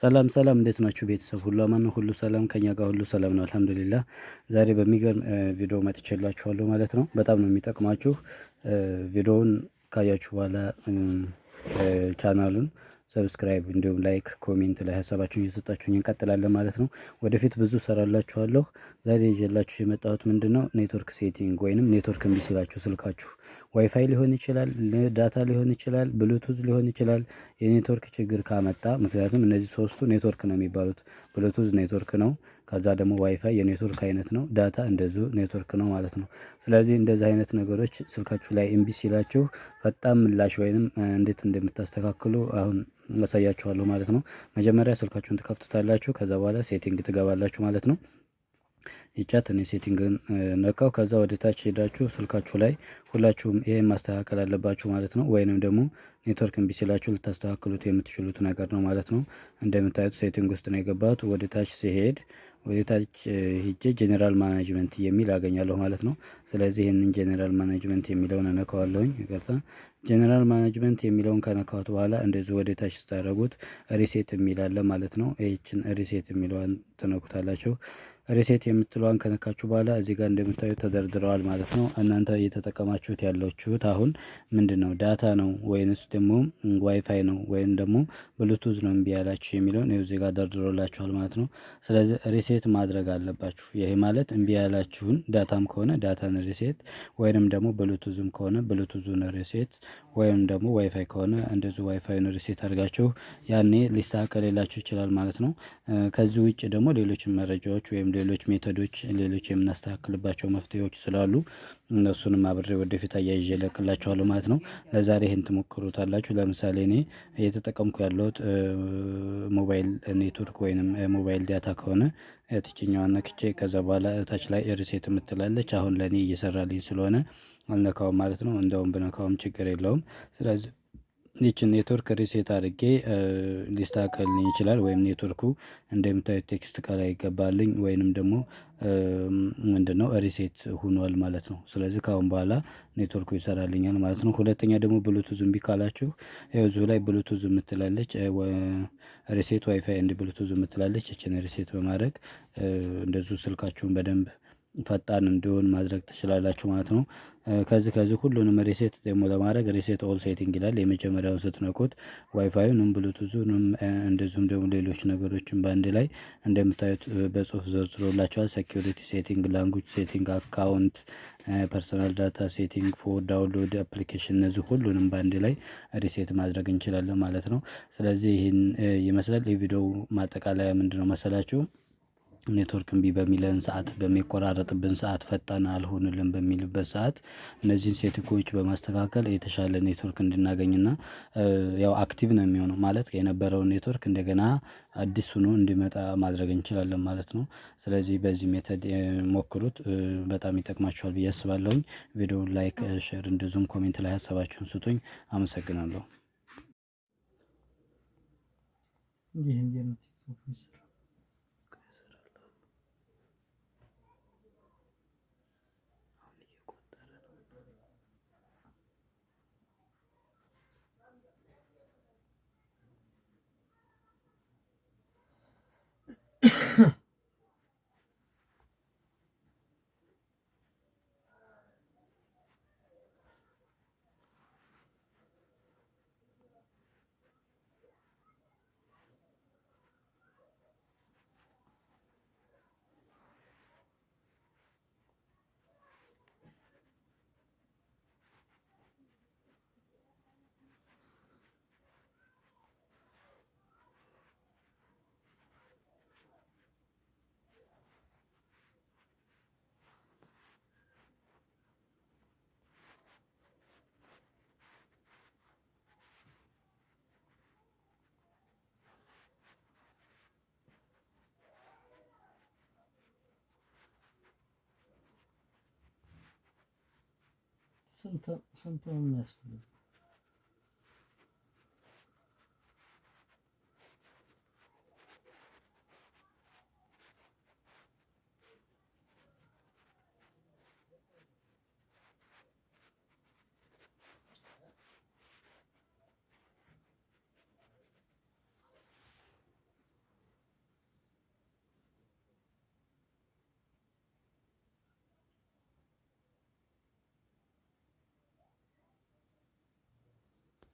ሰላም ሰላም እንዴት ናችሁ ቤተሰብ ሁሉ አማን ሁሉ ሰላም ከኛ ጋር ሁሉ ሰላም ነው፣ አልሐምዱሊላህ። ዛሬ በሚገርም ቪዲዮ መጥቼላችኋለሁ ማለት ነው። በጣም ነው የሚጠቅማችሁ። ቪዲዮውን ካያችሁ በኋላ ቻናሉን ሰብስክራይብ፣ እንዲሁም ላይክ፣ ኮሜንት ላይ ሀሳባችሁን እየሰጣችሁኝ እንቀጥላለን ማለት ነው። ወደፊት ብዙ ሰራላችኋለሁ። ዛሬ ይዤላችሁ የመጣሁት ምንድን ነው ኔትወርክ ሴቲንግ ወይንም ኔትወርክ እምቢ ስልካችሁ ዋይፋይ ሊሆን ይችላል ዳታ ሊሆን ይችላል ብሉቱዝ ሊሆን ይችላል የኔትወርክ ችግር ካመጣ ምክንያቱም እነዚህ ሶስቱ ኔትወርክ ነው የሚባሉት ብሉቱዝ ኔትወርክ ነው ከዛ ደግሞ ዋይፋይ የኔትወርክ አይነት ነው ዳታ እንደዚሁ ኔትወርክ ነው ማለት ነው። ስለዚህ እንደዚህ አይነት ነገሮች ስልካችሁ ላይ እምቢ ሲላችሁ ፈጣን ምላሽ ወይንም እንዴት እንደምታስተካክሉ አሁን አሳያችኋለሁ ማለት ነው። መጀመሪያ ስልካችሁን ትከፍቱታላችሁ ከዛ በኋላ ሴቲንግ ትገባላችሁ ማለት ነው ይቻት እኔ ሴቲንግን ነካው። ከዛ ወደ ታች ሄዳችሁ ስልካችሁ ላይ ሁላችሁም ይሄን ማስተካከል አለባችሁ ማለት ነው። ወይንም ደግሞ ኔትወርክ እምቢ ሲላችሁ ልታስተካክሉት የምትችሉት ነገር ነው ማለት ነው። እንደምታዩት ሴቲንግ ውስጥ ነው የገባሁት። ወደ ታች ሲሄድ ወደ ታች ሄጄ ጄኔራል ማናጅመንት የሚል አገኛለሁ ማለት ነው። ስለዚህ ይህንን ጄኔራል ማናጅመንት የሚለውን እነካዋለሁኝ። ይቅርታ ጀነራል ማናጅመንት የሚለውን ከነካሁት በኋላ እንደዚሁ ወደ ታች ስታደረጉት ሪሴት የሚላለ ማለት ነው። ይችን ሪሴት የሚለዋን ትነኩታላቸው። ሪሴት የምትለዋን ከነካችሁ በኋላ እዚህ ጋር እንደምታዩት ተደርድረዋል ማለት ነው። እናንተ እየተጠቀማችሁት ያለችሁት አሁን ምንድን ነው ዳታ ነው ወይንስ ደግሞ ዋይፋይ ነው ወይም ደግሞ ብሉቱዝ ነው እምቢ ያላችሁ የሚለውን ይኸው እዚህ ጋር ደርድሮላችኋል ማለት ነው። ስለዚህ ሪሴት ማድረግ አለባችሁ። ይሄ ማለት እምቢ ያላችሁን ዳታም ከሆነ ዳታን ሪሴት ወይንም ደግሞ ብሉቱዝም ከሆነ ብሉቱዙን ሪሴት ወይም ደግሞ ዋይፋይ ከሆነ እንደዚሁ ዋይፋዩን ሪሴት አድርጋችሁ ያኔ ሊስተካከልላችሁ ይችላል ማለት ነው። ከዚህ ውጭ ደግሞ ሌሎች መረጃዎች ወይም ሌሎች ሜቶዶች ሌሎች የምናስተካክልባቸው መፍትሄዎች ስላሉ እነሱንም አብሬ ወደፊት አያይዤ እለቅላችኋለሁ ማለት ነው። ለዛሬ ይህን ትሞክሩታላችሁ። ለምሳሌ እኔ እየተጠቀምኩ ያለሁት ሞባይል ኔትወርክ ወይንም ሞባይል ዳታ ከሆነ እትችኛዋን ነክቼ ከዛ በኋላ እታች ላይ ሪሴት የምትላለች አሁን ለእኔ እየሰራልኝ ስለሆነ አልነካውም ማለት ነው። እንደውም ብነካውም ችግር የለውም። ስለዚህ ይችን ኔትወርክ ሪሴት አድርጌ ሊስተካከልልኝ ይችላል። ወይም ኔትወርኩ እንደምታዩት ቴክስት ከላይ ይገባልኝ ወይንም ደግሞ ምንድነው ሪሴት ሁኗል ማለት ነው። ስለዚህ ከአሁን በኋላ ኔትወርኩ ይሰራልኛል ማለት ነው። ሁለተኛ ደግሞ ብሉቱዝ እምቢ ካላችሁ እዚሁ ላይ ብሉቱዝ የምትላለች ሪሴት ዋይፋይ እንድ ብሉቱዝ የምትላለች እችን ሪሴት በማድረግ እንደዚሁ ስልካችሁን በደንብ ፈጣን እንዲሆን ማድረግ ትችላላችሁ ማለት ነው። ከዚህ ከዚህ ሁሉንም ሪሴት ደግሞ ለማድረግ ሪሴት ኦል ሴቲንግ ይላል። የመጀመሪያውን ስትነኩት ዋይፋዩንም ብሉቱዙንም እንደዚሁም ደግሞ ሌሎች ነገሮችን በአንድ ላይ እንደምታዩት በጽሁፍ ዘርዝሮላቸዋል። ሴኪሪቲ ሴቲንግ፣ ላንጉጅ ሴቲንግ፣ አካውንት፣ ፐርሰናል ዳታ ሴቲንግ፣ ፎር ዳውንሎድ አፕሊኬሽን እነዚህ ሁሉንም በአንድ ላይ ሪሴት ማድረግ እንችላለን ማለት ነው። ስለዚህ ይህን ይመስላል የቪዲዮ ማጠቃለያ ምንድነው መሰላችሁ ኔትወርክ እምቢ በሚለን ሰዓት በሚቆራረጥብን ሰዓት ፈጣን አልሆንልን በሚልበት ሰዓት እነዚህን ሴቲንጎች በማስተካከል የተሻለ ኔትወርክ እንድናገኝና ያው አክቲቭ ነው የሚሆነው ማለት የነበረውን ኔትወርክ እንደገና አዲስ ሆኖ እንዲመጣ ማድረግ እንችላለን ማለት ነው። ስለዚህ በዚህ ሜተድ ሞክሩት በጣም ይጠቅማችኋል ብዬ አስባለሁኝ። ቪዲዮውን ላይክ ሼር እንደዚሁም ኮሜንት ላይ ሀሳባችሁን ስጡኝ። አመሰግናለሁ። ስንት ነው የሚያስፈልገው?